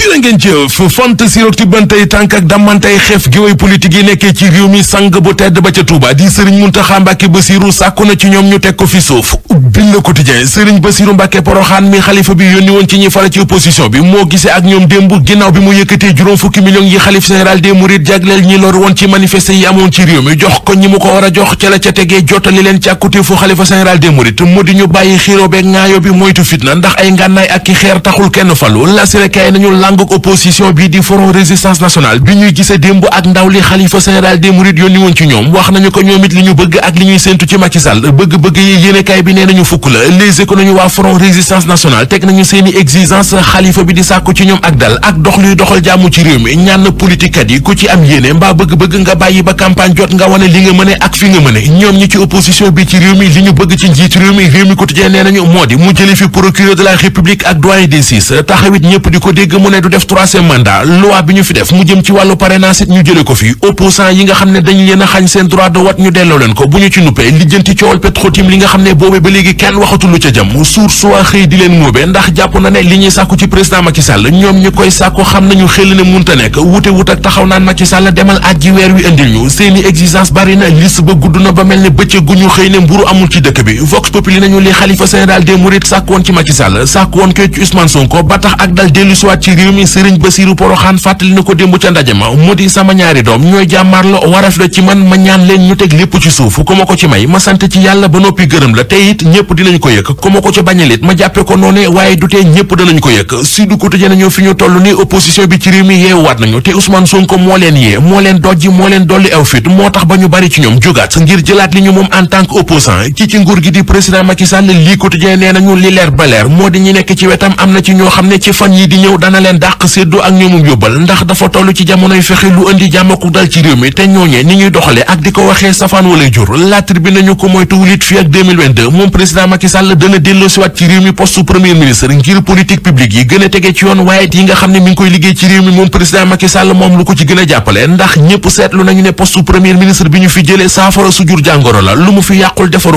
jërë ngeen jëf font siroog tibbantey tànk ak dammantey xeef gi way politique yi nekkee ci réew mi sang bu tedd ba ca Touba di sëriñ Muntaxa Mbàkke Basiru sàkku na ci ñoom ñu teg ko fi suuf ubbil le quotidien sëriñ Basiru Mbàkke Poroxaan mi xalifa bi yónni woon ci ñi fara ci opposition bi moo gisee ak ñoom démb ginnaaw bi mu yëkkatee juróom fukki millions yi xalif général des jagleel ñi lor woon ci manifester yi amoon ci réew mi jox ko ñi mu ko war a jox ca bi moytu fitna ndax ay ngànnaay ak ki kenn lànguk opposition bi di front résistance nationale bi ñuy gise démb ak ndaw li xalifa général des mourides yónni woon ci ñoom wax nañu ko ñoom li ñu bëgg ak li ñuy séentu ci Macky bëgg-bëgg yi yéenekaay bi nee nañu fukk la les éco nañu waa front résistance nationale teg nañu seeni exigence xalifa bi di sàkku ci ñoom ak dal ak dox luy doxal jàmm ci réew mi ñaan politique yi ku ci am yéene mbaa bëgg-bëgg nga bàyyi ba campagne jot nga wane li nga du def troisième mandat loi bi ñu fi def mu jëm ci wàllu parrainage ñu jële ko fi opposant yi nga xam ne dañ leen a xañ seen droit de vote ñu delloo leen ko bu ñu ci nuppee lijjanti coowal Petro-Tim li nga xam ne boobe ba léegi kenn waxatu lu ca jëm suur suwa xëy di leen móobe ndax jàpp na ne li ñuy sàkku ci président Macky Sall ñoom ñu koy sàkku xam nañu xel ne munta nekk wute wut ak taxaw naan Macky Sall demal aj ji weer wi indil ñu seeni exigence bari na liste ba gudd na ba mel ne bëccëg gu xëy ne mburu amul ci dëkk bi vox populi nañu li xalifa général des mourides sàkku woon ci Macky Sall réew mi di sama ñaari doom ñooy jàmmarlo waraf ci man ma ñaan leen ñu teg lépp ci suuf ku ma ko ci may ma sant ci yàlla ba noppi gërëm la te it ñëpp ko yëg ku ma ko ci bañalit ma jàppe ko noone waaye du tee ñëpp danañ ko yëg si du côté nañu fi ñu toll ni opposition bi ci réew mi yeewaat nañu te Ousmane Sonko moo leen yee moo leen dojji moo leen dolli aw fit moo tax ba ñu bari ci ñoom jógaat ngir jëlaat li ñu moom en tant que dàq séddoo ak ñoomum yóbbal ndax dafa toll ci jamonoy fexe lu indi jàmmaku dal ci réew mi te ñooñee ni ñuy doxale ak di ko waxee safaan walay jur la tribune nañu ko moytuwul it fii ak 2022 moom président Macky Sall dana delloosiwaat ci réew mi poste premier ministre ngir politique publique yi gën a tege ci yoon waaye yi nga xam ne mi ngi koy liggéey ci réew mi moom président Macky Sall moom lu ko ci gën a jàppale ndax ñëpp seetlu nañu ne poste premier ministre bi fi jëlee saafara su jur jàngoro la lu mu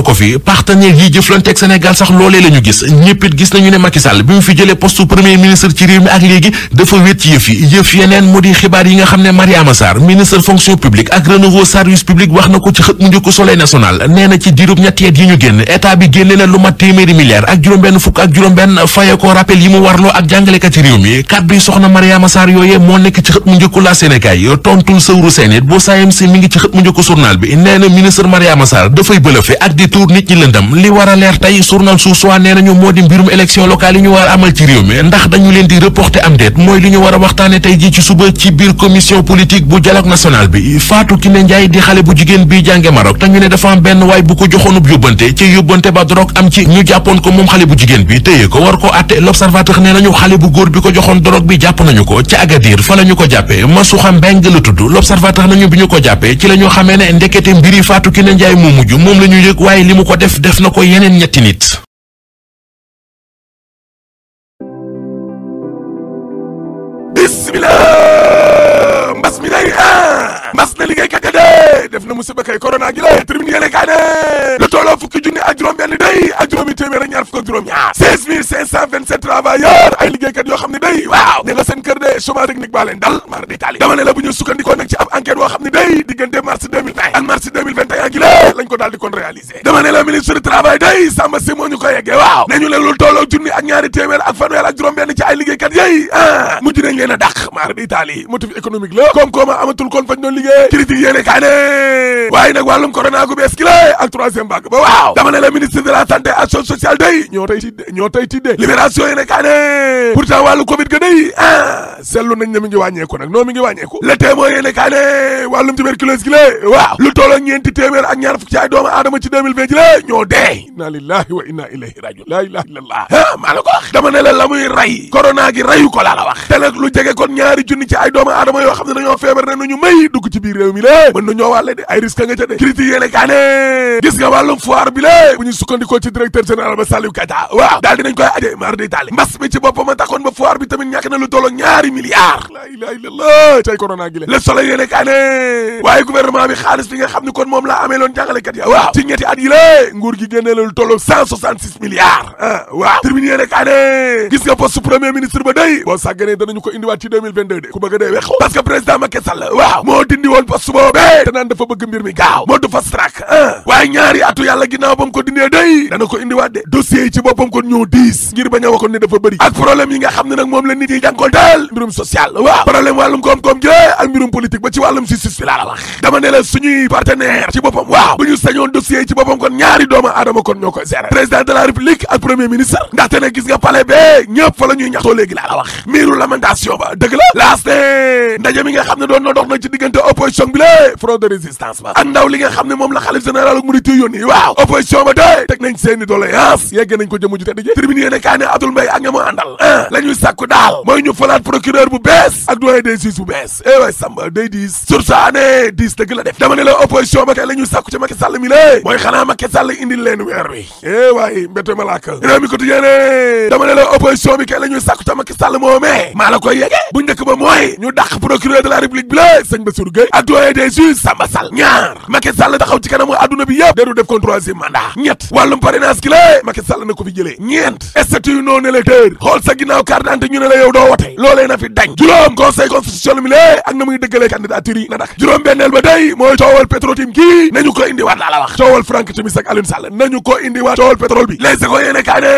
ko fi partenaire yi jëflante Sénégal sax loolee la ñu gis ñëpp nañu ne Macky Sall bi mu fi jëlee poste premier ministre réew mi ak léegi dafa wét yëf yi yëf yeneen mu di xibaar yi nga xam ne Mariama Sarr ministre fonction publique ak renouveau service public wax na ko ci xët mu njëkk Soleil national nee na ci diirub ñetti at yi ñu génn état bi génne na lu mat téeméeri milliards ak juróom-benn fukk rappel yi mu warloo ak jàngalekat ci réew mi kàddu soxna Mariama Sarr yooyee moo nekk ci xët mu njëkk la Sénégal yi tontul sëwru seen it bu saayam si mi ngi ci xët mu njëkk a leer A nee nañu déet mooy li ñu war a waxtaane tey jii ci suba ci biir commission politique bu dialogue national bi Fatou Kiné Ndiaye di xale bu jigéen bi jànge Maroc te ñu ne dafa benn waay bu ko joxoonub yóbbante ci yóbbante ba drogue am ci ñu jàppoon ko moom xale bu jigéen bi téye ko war ko àtte l'observateur nee nañu xale bu góor bi ko joxoon drogue bi jàpp nañu ko ci Agadir fa la ñu ko jàppee Masuxa Mbeng la tudd l'observateur nañu bi ñu ko jàppee ci la ñu xamee ne ndekete mbiri Fatou Kiné Ndiaye moo mujj moom la ñu yëg waaye li mu ko def def na ko yeneen ñetti nit bismillah mbas mi day a mbas na liggéeykat ya de def na musiba kay corona gi la tribune yéene kaa ne lu tolloo fukki junni ak juróom benn day ak juróomi téeméer ak ñaar fukk ak juróom ñaar seize mille cinq cent vingt sept travailleurs ay liggéeykat yoo xam ne day waa ajustement technique baa leen dal maar di taali dama ne la bu ñu sukkandikoo nag ci ab enquête boo xam ne day diggante mars 2020 ak mars 2021 gi lée lañ ko daal di kon réaliser dama ne la ministre du travail day Samba Si moo ko yeggee waaw nañu la lu tolloo junni ak ñaari téeméer ak fanweer ak juróom benn ci ay liggéeykat yéy ah mujj nañ leen a dàq maar di taali motif économique la koom-kooma amatul kon fañ doon liggéey critique yéene ne kaa seetlu nañ ne mi ngi wàññeeku nag noo mi ngi wàññeeku le témoin yéene kaa ne wàllum tuberculose gi lée waaw lu tolloo ñeenti téeméer ak ñaar ci ay doomu aadama ci 2020 ji lée ñoo dee inna lillahi wa inna ilayhi rajiun laa ilaha illallah ah maa dama ne la la muy rey gi reyu ko laa wax te lu jege ñaari junni ci ay doomu aadama yoo xam ne dañoo feebar ne nañu may dugg ci biir réew mi lée mën na ñoo wàlle de ay risque nga ca de critique yéene kaa ne gis nga wàllum foire bi lée bu ñu sukkandikoo ci directeur général ba Saliou Kata waaw daal milliards la ilaha illallah tey corona gi le le soleil yéene kaa ne waaye gouvernement bi xaalis bi nga xam ne kon moom laa amee loon jàngalekat ya waaw ci ñetti at yi lée nguur gi génnee loolu tolloog cent ah, waaw termine yéene gis nga poste premier ministre ba day boo sàgganee danañu ko indiwaat ci 2022 de a dee weexu ah. dana ko indiwaat de dossiers yi ci boppam kon ñoo diis ngir bañ a waxoon ne dafa bëri ak problème yi nga xam ne nag moom la nit yi jànkool daal mbirum social waaw problème wàllum koom-koom gi ak mbirum politique ba ci wàllum justice bi laa la wax dama ne la suñuy partenaire ci boppam waaw bu ñu sañoon dossiers ci boppam kon ñaari doomu aadama kon ñoo koy gérer président de la république ak premier ministre ndaxte ne gis nga palais bee ñëpp fa la ñuy ñaxtoo léegi laa la wax miiru lamentation ba dëgg la laas ne mi nga xam ne doon na dox na ci diggante opposition bi la front de résistance ba ak li nga xam ne moom procureur bu bees ak doyen des juges bu bees eh waay Samba day diis sursaane diis dëgg la def dama ne la opposition ba kay la ñuy sàkku ci Macky Sall mi mooy xanaa Macky Sall indil weer wi eh waay mbéte malaaka réew mi quotidien ne dama ne la opposition bi kay la ñuy sàkku ci Macky Sall moomee maa la koy yege bu ñu dàq procureur de la république bi la sëñ Bassirou Gueye ak doyen des juges Samba Sall ñaar Macky Sall taxaw ci kanamu adduna bi yëpp déedu def kon troisième fi dañ juróom conseil constitutionnel mi lée ak na muy dëggalee candidature na dak juróom benneel ba day mooy coowal pétrotim gii nañu ko indiwaat laa la wax coowal Franck Timis ak Alioune Sall nañu ko indiwaat coowal pétrole bi les éco yéene kaa ne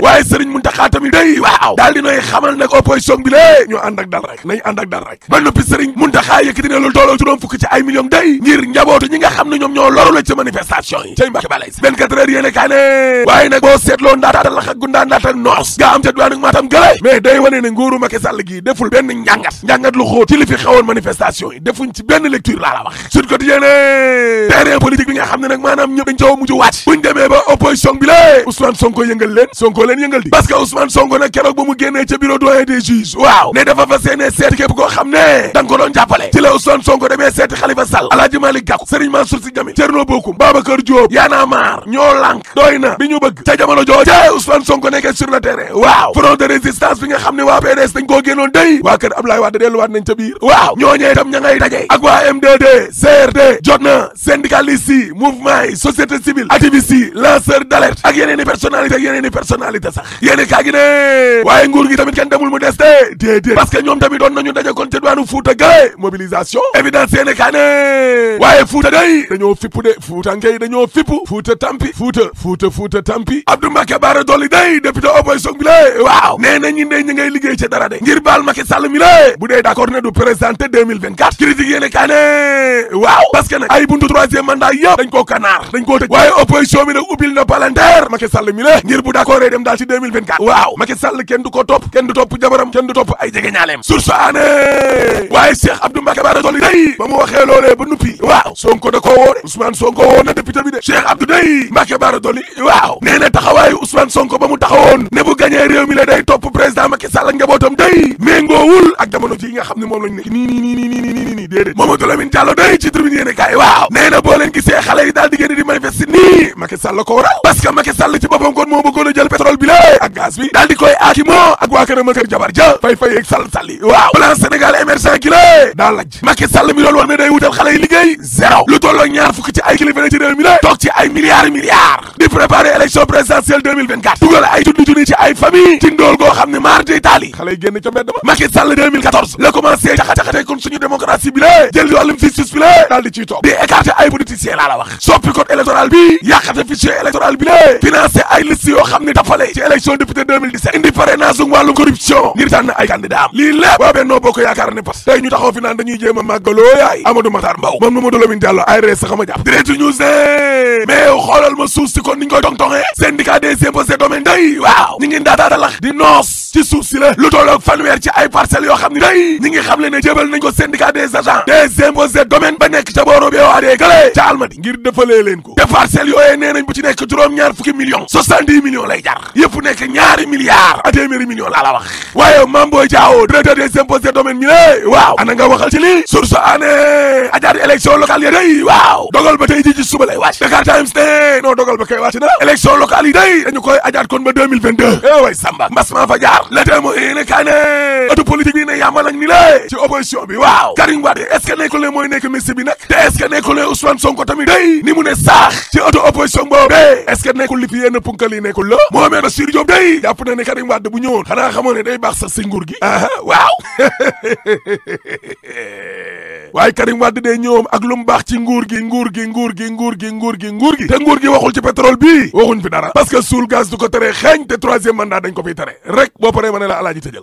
waaye Serigne Mountakha tamit day waaw daal dinay xamal nag opposition bi lée ñu ànd dal rek nañ ànd ak dal rek ba noppi Serigne Mountakha juróom fukki ci ay millions day ngir njabootu ñi nga xam ne ñoom ñoo loru deful benn njàngat njàngat lu xóot ci li fi xewoon manifestation yi ci benn lecture laa la wax Sud Quotidien ne terrain politique bi nga xam ne nag maanaam ñëpp dañ coow bi lée Ousmane Sonko yëngal leen Sonko Sonko nag keroog ba mu génnee waaw ne dafa fa seenee seeti xam ne da nga ko a marre ñu bëgg ca jamono jooje Ousmane Sonko nekkee sur le terrain waaw front de résistance bi nga xam ne waa PDS dañ koo génnoon day waa kër Ablaye Wade delluwaat nañ ca biir waaw ñooñee tam ña daje ak waa M2D CRD jot na syndicalistes yi mouvement yi société civile activistes yi lanceur ak yeneen i personnalité ak yeneen i sax yéeni kaa gi ne waaye nguur gi tamit kenn demul mu des de déedéet parce que ñoom tamit doon nañu daje kon ca duwaanu Fuuta gale mobilisation évidence yéeni kaa ne waaye Fuuta day dañoo fippu de Fuutankey dañoo fippu Fuuta tampi Fuuta Fuuta Fuuta tampi Abdou Mbacké Bara Dolly day député opposition bi la dara ngir baal njiital Macky Sall mi la bu dee d'accord ne du présenté 2024 critique yéene kaa ne waaw parce que ay buntu troisième mandat yëpp dañ koo kanaar dañ koo tëj waaye opposition bi nag ubbil na palanteer Macky Sall mi la ngir bu d'accord dem daal ci 2024 waaw Macky Sall kenn du ko topp kenn du topp jabaram kenn du topp ay jegeñaaleem source aane waaye Cheikh Abdou Mbacké Bara Dolly day ba mu waxee loolee ba nuppi waaw Sonko da koo woo de Sonko méngoowul ak jamono ji nga xam ne moom lañ nekk nii nii nii nii nii nii nii nii déedéet Mamadou Lamine Diallo day ci tribune yéene kaay waaw nee na boo leen gisee xale yi daal di génn di manifester nii Macky Sall ko waral parce que Macky Sall ci boppam kon moo bëggoon a jël pétrole bi la ak gaz bi daal di koy aakimoo ak waa këram kër jabar ja fay fay ak Sall Sall yi waaw plan Sénégal émergent gi la daa laj Macky Sall mi doon wax ne day wutal xale yi liggéey zéro lu tolloo ñaar fukk ci ay kilifa ci réew mi la toog ci ay milliards milliards di préparer élection présidentielle 2024 dugal ay junni junni ci ay famille ci ndool goo xam ne maar di taali xale yi génn ca mbedd Macky Sall 2014 la commencé jaxa-jaxate kon suñu démocratie bi la jël wàllum justice bi la daal di ciy toog di écarter ay politiciens laa la wax soppi code électoral bi yàqate fichier électoral bi la financé ay liste yoo xam ne dafale ci élection député 2017 indi parrainage u wàllum corruption ngir tànn ay candidat lii lépp waa Benno Bokk Yaakaar ne pas tey ñu taxaw fi naan dañuy jéem a màggaloo yaay Amadou Matar Mbow moom ci ay parcelles yoo xam ne day ñi ngi xam le ne jébal nañ ko syndicat des agents des impôts et domaines ba nekk ca booru bee waadee gëlee ca almadi ngir defalee leen ko te parcelles yooyee nee nañ bu ci nekk juróom-ñaar fukki millions soixante-dix millions lay jar yëpp nekk ñaari milliards ak téeméeri millions laa la wax waaye Mame Boye Diao directeur des impôts et domaines ñu ne waaw ana nga waxal ci lii source année ajaar élection locale ya day waaw dogal ba tey ji suba lay wàcc Dakar Times ne non dogal ba kay wàcc na élection locale yi day dañu koy ajaat kon ba 2022 eh te est ce que nekkul ne Ousmane day ni mu ne saax ci auto opposition boobu de est nekkul li fi yenn punkal yi nekkul la Mohamed Bassirou Diop day jàpp na ne Karim Wade bu ñëwoon xanaa xamoo ne day baax sax si nguur gi aha waaw waaye Karim Wade dee ñëwam ak lu mu baax ci nguur gi nguur gi nguur gi nguur gi nguur gi nguur gi te nguur gi waxul ci pétrole bii waxuñ fi dara parce que suul gaz du ko tere xeeñ te troisième mandat dañ ko fiy tere rek boo paree ma ne la alaaji tëjal